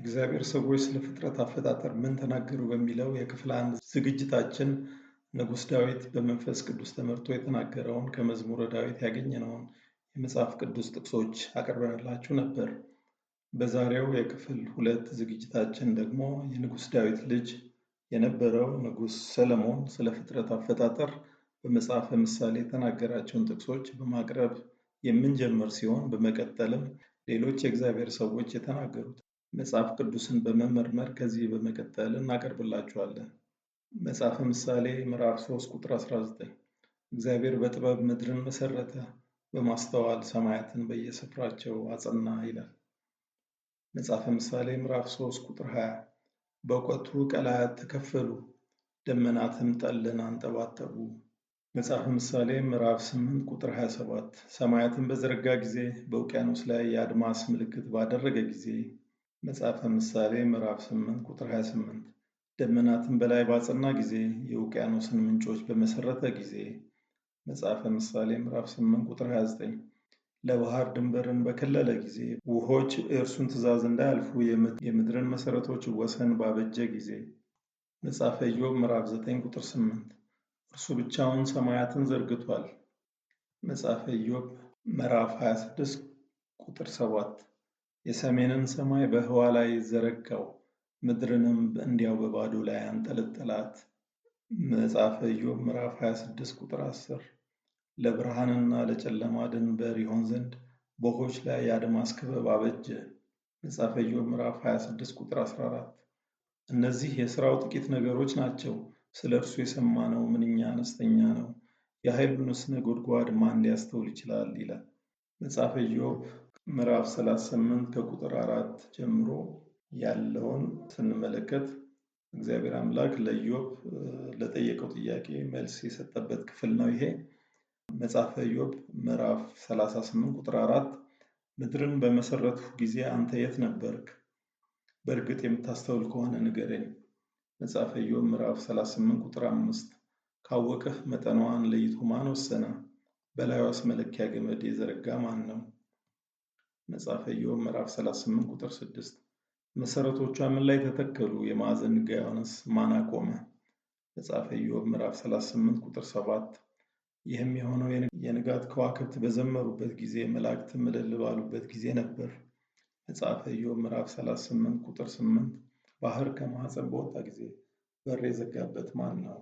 እግዚአብሔር ሰዎች ስለ ፍጥረት አፈጣጠር ምን ተናገሩ በሚለው የክፍል አንድ ዝግጅታችን ንጉሥ ዳዊት በመንፈስ ቅዱስ ተመርቶ የተናገረውን ከመዝሙረ ዳዊት ያገኘነውን የመጽሐፍ ቅዱስ ጥቅሶች አቅርበንላችሁ ነበር። በዛሬው የክፍል ሁለት ዝግጅታችን ደግሞ የንጉሥ ዳዊት ልጅ የነበረው ንጉሥ ሰለሞን ስለ ፍጥረት አፈጣጠር በመጽሐፈ ምሳሌ የተናገራቸውን ጥቅሶች በማቅረብ የምንጀምር ሲሆን በመቀጠልም ሌሎች የእግዚአብሔር ሰዎች የተናገሩት መጽሐፍ ቅዱስን በመመርመር ከዚህ በመቀጠል እናቀርብላችኋለን። መጽሐፈ ምሳሌ ምዕራፍ 3 ቁጥር 19 እግዚአብሔር በጥበብ ምድርን መሰረተ፣ በማስተዋል ሰማያትን በየስፍራቸው አጸና ይላል። መጽሐፈ ምሳሌ ምዕራፍ 3 ቁጥር 20 በእውቀቱ ቀላያት ተከፈሉ፣ ደመናትም ጠልን አንጠባጠቡ። መጽሐፈ ምሳሌ ምዕራፍ 8 ቁጥር 27 ሰማያትን በዘረጋ ጊዜ፣ በውቅያኖስ ላይ የአድማስ ምልክት ባደረገ ጊዜ መጽሐፈ ምሳሌ ምዕራፍ 8 ቁጥር 28 ደመናትን በላይ ባጸና ጊዜ የውቅያኖስን ምንጮች በመሰረተ ጊዜ። መጽሐፈ ምሳሌ ምዕራፍ 8 ቁጥር 29 ለባህር ድንበርን በከለለ ጊዜ ውሆች እርሱን ትእዛዝ እንዳያልፉ የምድርን መሰረቶች ወሰን ባበጀ ጊዜ። መጽሐፈ ኢዮብ ምዕራፍ 9 ቁጥር 8 እርሱ ብቻውን ሰማያትን ዘርግቷል። መጽሐፈ ኢዮብ ምዕራፍ 26 ቁጥር 7 የሰሜንን ሰማይ በህዋ ላይ ዘረጋው፣ ምድርንም እንዲያው በባዶ ላይ አንጠለጠላት። መጽሐፈ ኢዮብ ምዕራፍ 26 ቁጥር 10 ለብርሃንና ለጨለማ ድንበር ይሆን ዘንድ በውኆች ላይ የአድማስ ክበብ አበጀ። መጽሐፈ ኢዮብ ምዕራፍ 26 ቁጥር 14 እነዚህ የሥራው ጥቂት ነገሮች ናቸው። ስለ እርሱ የሰማነው ምንኛ አነስተኛ ነው! የኃይሉንስ ነጎድጓድ ማን ሊያስተውል ይችላል? ይላል መጽሐፈ ኢዮብ ምዕራፍ 38 ከቁጥር አራት ጀምሮ ያለውን ስንመለከት እግዚአብሔር አምላክ ለኢዮብ ለጠየቀው ጥያቄ መልስ የሰጠበት ክፍል ነው። ይሄ መጽሐፈ ኢዮብ ምዕራፍ 38 ቁጥር አራት ምድርን በመሰረትሁ ጊዜ አንተ የት ነበርክ? በእርግጥ የምታስተውል ከሆነ ንገረኝ። መጽሐፈ ኢዮብ ምዕራፍ 38 ቁጥር አምስት ካወቅህ መጠኗን ለይቶ ማን ወሰነ? በላዩስ መለኪያ ገመድ የዘረጋ ማን ነው? መጽሐፈ ኢዮብ ምዕራፍ 38 ቁጥር 6 መሰረቶቿ ምን ላይ ተተከሉ? የማዕዘን ድንጋዩንስ ማን አቆመ? መጽሐፈ ኢዮብ ምዕራፍ 38 ቁጥር 7 ይህም የሆነው የንጋት ከዋክብት በዘመሩበት ጊዜ መላእክት እልል ባሉበት ጊዜ ነበር። መጽሐፈ ኢዮብ ምዕራፍ 38 ቁጥር 8 ባህር ከማኅፀን በወጣ ጊዜ በር የዘጋበት ማን ነው?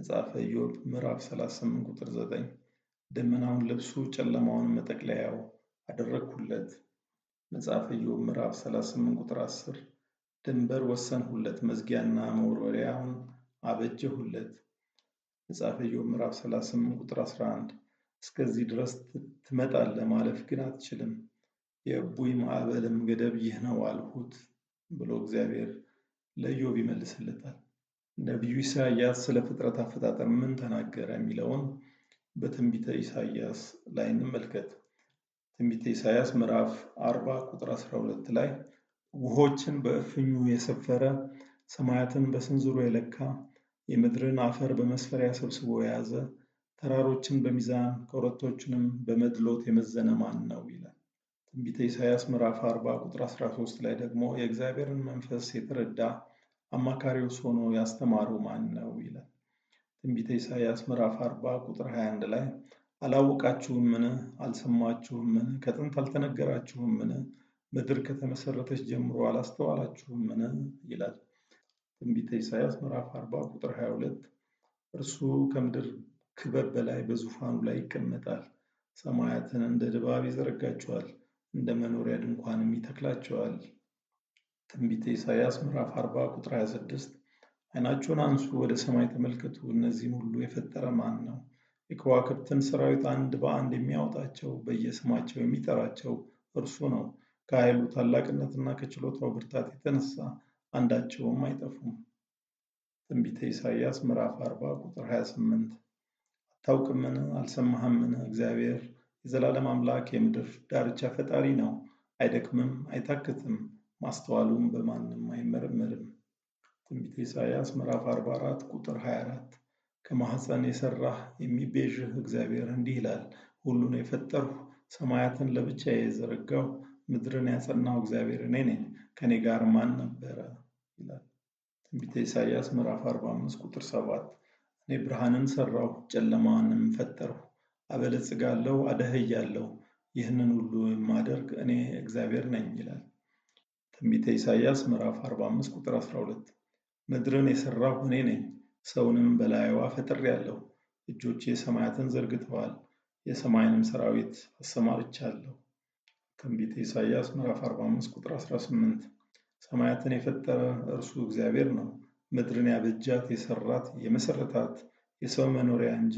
መጽሐፈ ኢዮብ ምዕራፍ 38 ቁጥር 9 ደመናውን ልብሱ ጨለማውን መጠቅለያው አደረግሁለት። መጽሐፈ ኢዮብ ምዕራፍ 38 ቁጥር 10 ድንበር ወሰንሁለት፣ መዝጊያና መወርወሪያውን አበጀሁለት። መጽሐፈ ኢዮብ ምዕራፍ 38 ቁጥር 11 እስከዚህ ድረስ ትመጣለህ፣ ማለፍ ግን አትችልም፣ የእቡይ ማዕበልም ገደብ ይህ ነው አልሁት ብሎ እግዚአብሔር ለኢዮብ ይመልስለታል። ነቢዩ ኢሳያስ ስለ ፍጥረት አፈጣጠር ምን ተናገረ የሚለውን በትንቢተ ኢሳያስ ላይ እንመልከት። ትንቢተ ኢሳያስ ምዕራፍ 40 ቁጥር 12 ላይ ውሆችን በእፍኙ የሰፈረ ሰማያትን በስንዝሩ የለካ የምድርን አፈር በመስፈሪያ ሰብስቦ የያዘ ተራሮችን በሚዛን ኮረቶችንም በመድሎት የመዘነ ማን ነው ይላል። ትንቢተ ኢሳያስ ምዕራፍ 40 ቁጥር 13 ላይ ደግሞ የእግዚአብሔርን መንፈስ የተረዳ አማካሪው ሆኖ ያስተማረው ማን ነው ይላል። ትንቢተ ኢሳያስ ምዕራፍ 40 ቁጥር 21 ላይ አላወቃችሁምን? አልሰማችሁምን? ከጥንት አልተነገራችሁምን? ምድር ከተመሰረተች ጀምሮ አላስተዋላችሁምን? ይላል ትንቢተ ኢሳያስ ምዕራፍ 40 ቁጥር 22። እርሱ ከምድር ክበብ በላይ በዙፋኑ ላይ ይቀመጣል፣ ሰማያትን እንደ ድባብ ይዘረጋቸዋል፣ እንደ መኖሪያ ድንኳንም ይተክላቸዋል። ትንቢተ ኢሳያስ ምዕራፍ 40 ቁጥር 26 ዓይናችሁን አንሱ፣ ወደ ሰማይ ተመልከቱ፣ እነዚህን ሁሉ የፈጠረ ማን ነው? የከዋክብትን ሰራዊት አንድ በአንድ የሚያወጣቸው፣ በየስማቸው የሚጠራቸው እርሱ ነው። ከኃይሉ ታላቅነትና ከችሎታው ብርታት የተነሳ አንዳቸውም አይጠፉም። ትንቢተ ኢሳይያስ ምዕራፍ 40 ቁጥር 28። አታውቅምን? አልሰማህምን? እግዚአብሔር የዘላለም አምላክ የምድር ዳርቻ ፈጣሪ ነው። አይደክምም፣ አይታክትም፣ ማስተዋሉም በማንም አይመረመርም። ትንቢተ ኢሳይያስ ምዕራፍ 44 ቁጥር 24 ከማህፀን የሰራ የሚቤዥህ እግዚአብሔር እንዲህ ይላል፣ ሁሉን የፈጠርሁ ሰማያትን ለብቻ የዘረጋው ምድርን ያጸናው እግዚአብሔር እኔ ነኝ፣ ከኔ ጋር ማን ነበረ? ይላል። ትንቢተ ኢሳያስ ምዕራፍ 45 ቁጥር 7 እኔ ብርሃንን ሰራው ጨለማንም ፈጠርሁ፣ አበለጽጋለሁ፣ አደህያለሁ፣ ይህንን ሁሉ የማደርግ እኔ እግዚአብሔር ነኝ ይላል። ትንቢተ ኢሳያስ ምዕራፍ 45 ቁጥር 12 ምድርን የሰራው እኔ ነኝ ሰውንም በላይዋ ፈጥሬአለሁ፤ እጆቼ ሰማያትን ዘርግተዋል፤ የሰማይንም ሰራዊት አሰማርቻለሁ። ትንቢተ ኢሳይያስ ምዕራፍ 45 ቁጥር 18 ሰማያትን የፈጠረ እርሱ እግዚአብሔር ነው፤ ምድርን ያበጃት፣ የሰራት የመሰረታት የሰው መኖሪያ እንጂ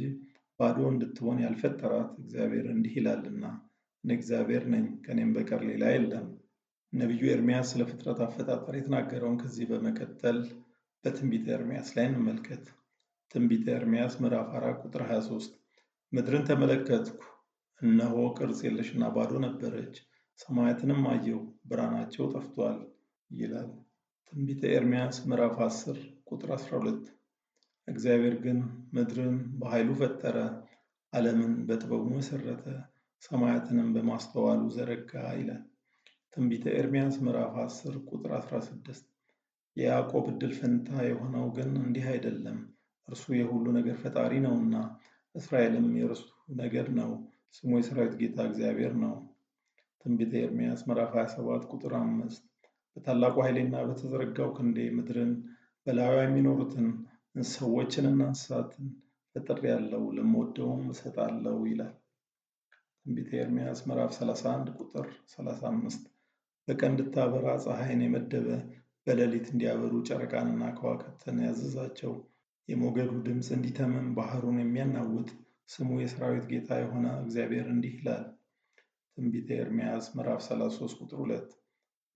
ባዶ እንድትሆን ያልፈጠራት እግዚአብሔር እንዲህ ይላልና እኔ እግዚአብሔር ነኝ፣ ከእኔም በቀር ሌላ የለም። ነቢዩ ኤርምያስ ስለ ፍጥረት አፈጣጠር የተናገረውን ከዚህ በመቀጠል በትንቢተ ኤርምያስ ላይ እንመልከት። ትንቢተ ኤርምያስ ምዕራፍ 4 ቁጥር 23 ምድርን ተመለከትኩ፣ እነሆ ቅርጽ የለሽና ባዶ ነበረች፣ ሰማያትንም አየሁ፣ ብርሃናቸው ጠፍቷል ይላል። ትንቢተ ኤርምያስ ምዕራፍ 10 ቁጥር 12 እግዚአብሔር ግን ምድርን በኃይሉ ፈጠረ፣ ዓለምን በጥበቡ መሰረተ፣ ሰማያትንም በማስተዋሉ ዘረጋ ይላል። ትንቢተ ኤርምያስ ምዕራፍ 10 ቁጥር 16 የያዕቆብ ዕድል ፈንታ የሆነው ግን እንዲህ አይደለም፤ እርሱ የሁሉ ነገር ፈጣሪ ነውና፣ እስራኤልም የእርሱ ነገድ ነው፤ ስሙ የሰራዊት ጌታ እግዚአብሔር ነው። ትንቢተ ኤርምያስ ምዕራፍ 27 ቁጥር 5 በታላቁ ኃይሌና በተዘረጋው ክንዴ ምድርን በላዩ የሚኖሩትን ሰዎችንና እንስሳትን ያለው ለምወደውም እሰጣለሁ ይላል። ትንቢተ ኤርምያስ ምዕራፍ 31 ቁጥር 35 በቀን እንድታበራ ፀሐይን የመደበ በሌሊት እንዲያበሩ ጨረቃንና ከዋክብትን ያዘዛቸው፣ የሞገዱ ድምፅ እንዲተምም ባህሩን የሚያናውጥ፣ ስሙ የሰራዊት ጌታ የሆነ እግዚአብሔር እንዲህ ይላል። ትንቢተ ኤርምያስ ምዕራፍ 33 ቁጥር 2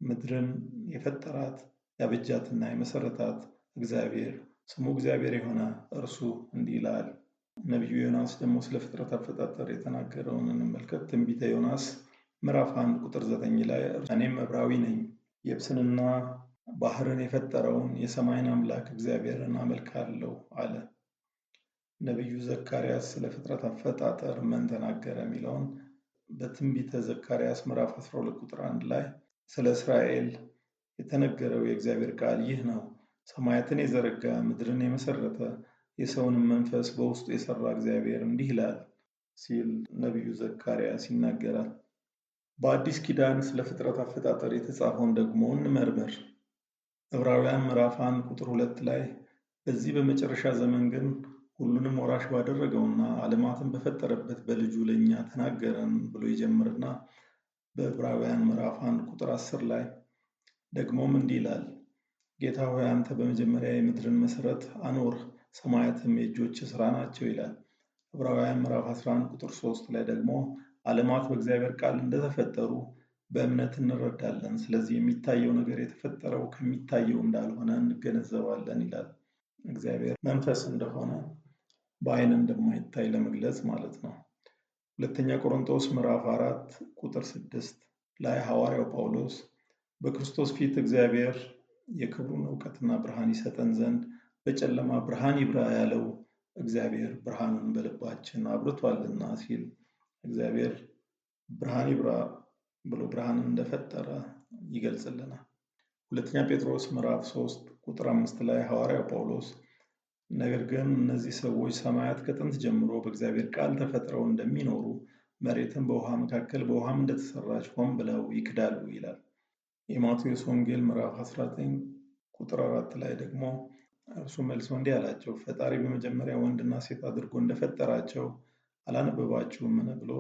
ምድርን የፈጠራት ያበጃትና የመሰረታት እግዚአብሔር ስሙ እግዚአብሔር የሆነ እርሱ እንዲህ ይላል። ነቢዩ ዮናስ ደግሞ ስለ ፍጥረት አፈጣጠር የተናገረውን እንመልከት። ትንቢተ ዮናስ ምዕራፍ 1 ቁጥር 9 ላይ እኔም ዕብራዊ ነኝ የብስንና ባህርን የፈጠረውን የሰማይን አምላክ እግዚአብሔርን አመልካለሁ አለ። ነቢዩ ዘካርያስ ስለ ፍጥረት አፈጣጠር ምን ተናገረ የሚለውን በትንቢተ ዘካርያስ ምዕራፍ 12 ቁጥር 1 ላይ ስለ እስራኤል የተነገረው የእግዚአብሔር ቃል ይህ ነው። ሰማያትን የዘረጋ ምድርን የመሰረተ የሰውንም መንፈስ በውስጡ የሰራ እግዚአብሔር እንዲህ ይላል ሲል ነቢዩ ዘካርያስ ይናገራል። በአዲስ ኪዳን ስለ ፍጥረት አፈጣጠር የተጻፈውን ደግሞ እንመርመር ዕብራውያን ምዕራፍ አንድ ቁጥር ሁለት ላይ በዚህ በመጨረሻ ዘመን ግን ሁሉንም ወራሽ ባደረገውና ዓለማትን በፈጠረበት በልጁ ለእኛ ተናገረን ብሎ ይጀምርና በዕብራውያን ምዕራፍ 1 ቁጥር 10 ላይ ደግሞም እንዲህ ይላል፣ ጌታ ሆይ አንተ በመጀመሪያ የምድርን መሰረት አኖርህ፣ ሰማያትም የእጆች ስራ ናቸው ይላል። ዕብራውያን ምዕራፍ 11 ቁጥር 3 ላይ ደግሞ ዓለማት በእግዚአብሔር ቃል እንደተፈጠሩ በእምነት እንረዳለን። ስለዚህ የሚታየው ነገር የተፈጠረው ከሚታየው እንዳልሆነ እንገነዘባለን ይላል። እግዚአብሔር መንፈስ እንደሆነ በአይን እንደማይታይ ለመግለጽ ማለት ነው። ሁለተኛ ቆሮንቶስ ምዕራፍ አራት ቁጥር ስድስት ላይ ሐዋርያው ጳውሎስ በክርስቶስ ፊት እግዚአብሔር የክብሩን እውቀትና ብርሃን ይሰጠን ዘንድ በጨለማ ብርሃን ይብራ ያለው እግዚአብሔር ብርሃኑን በልባችን አብርቷልና ሲል እግዚአብሔር ብርሃን ይብራ ብሎ ብርሃንን እንደፈጠረ ይገልጽልናል። ሁለተኛ ጴጥሮስ ምዕራፍ 3 ቁጥር አምስት ላይ ሐዋርያው ጳውሎስ ነገር ግን እነዚህ ሰዎች ሰማያት ከጥንት ጀምሮ በእግዚአብሔር ቃል ተፈጥረው እንደሚኖሩ መሬትን በውሃ መካከል በውሃም እንደተሰራች ሆን ብለው ይክዳሉ ይላል። የማቴዎስ ወንጌል ምዕራፍ 19 ቁጥር አራት ላይ ደግሞ እርሱ መልሶ እንዲህ አላቸው፣ ፈጣሪ በመጀመሪያ ወንድና ሴት አድርጎ እንደፈጠራቸው አላነበባችሁምን ብሎ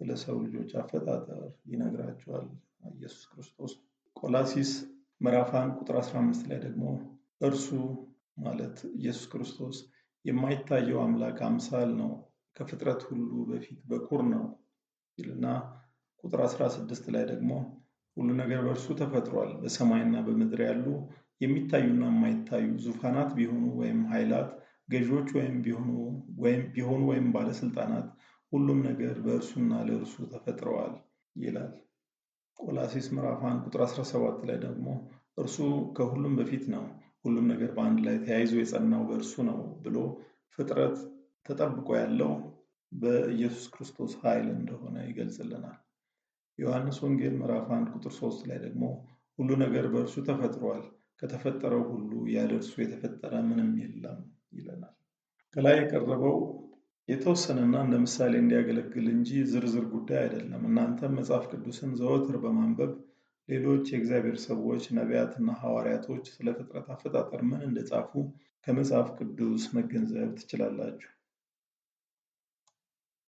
ስለ ሰው ልጆች አፈጣጠር ይነግራቸዋል ኢየሱስ ክርስቶስ። ቆላሲስ ምዕራፍ 1 ቁጥር 15 ላይ ደግሞ እርሱ ማለት ኢየሱስ ክርስቶስ የማይታየው አምላክ አምሳል ነው፣ ከፍጥረት ሁሉ በፊት በኩር ነው ይልና ቁጥር 16 ላይ ደግሞ ሁሉ ነገር በእርሱ ተፈጥሯል፣ በሰማይና በምድር ያሉ የሚታዩና የማይታዩ ዙፋናት ቢሆኑ ወይም ኃይላት ገዢዎች ወይም ቢሆኑ ወይም ባለስልጣናት ሁሉም ነገር በእርሱና ለእርሱ ተፈጥረዋል ይላል። ቆላሴስ ምዕራፍ 1 ቁጥር 17 ላይ ደግሞ እርሱ ከሁሉም በፊት ነው፣ ሁሉም ነገር በአንድ ላይ ተያይዞ የጸናው በእርሱ ነው ብሎ ፍጥረት ተጠብቆ ያለው በኢየሱስ ክርስቶስ ኃይል እንደሆነ ይገልጽልናል። ዮሐንስ ወንጌል ምዕራፍ 1 ቁጥር 3 ላይ ደግሞ ሁሉ ነገር በእርሱ ተፈጥሯል፣ ከተፈጠረው ሁሉ ያለ እርሱ የተፈጠረ ምንም የለም ይለናል። ከላይ የቀረበው የተወሰነና እንደ ምሳሌ እንዲያገለግል እንጂ ዝርዝር ጉዳይ አይደለም። እናንተም መጽሐፍ ቅዱስን ዘወትር በማንበብ ሌሎች የእግዚአብሔር ሰዎች ነቢያትና ሐዋርያቶች ስለ ፍጥረት አፈጣጠር ምን እንደጻፉ ከመጽሐፍ ቅዱስ መገንዘብ ትችላላችሁ።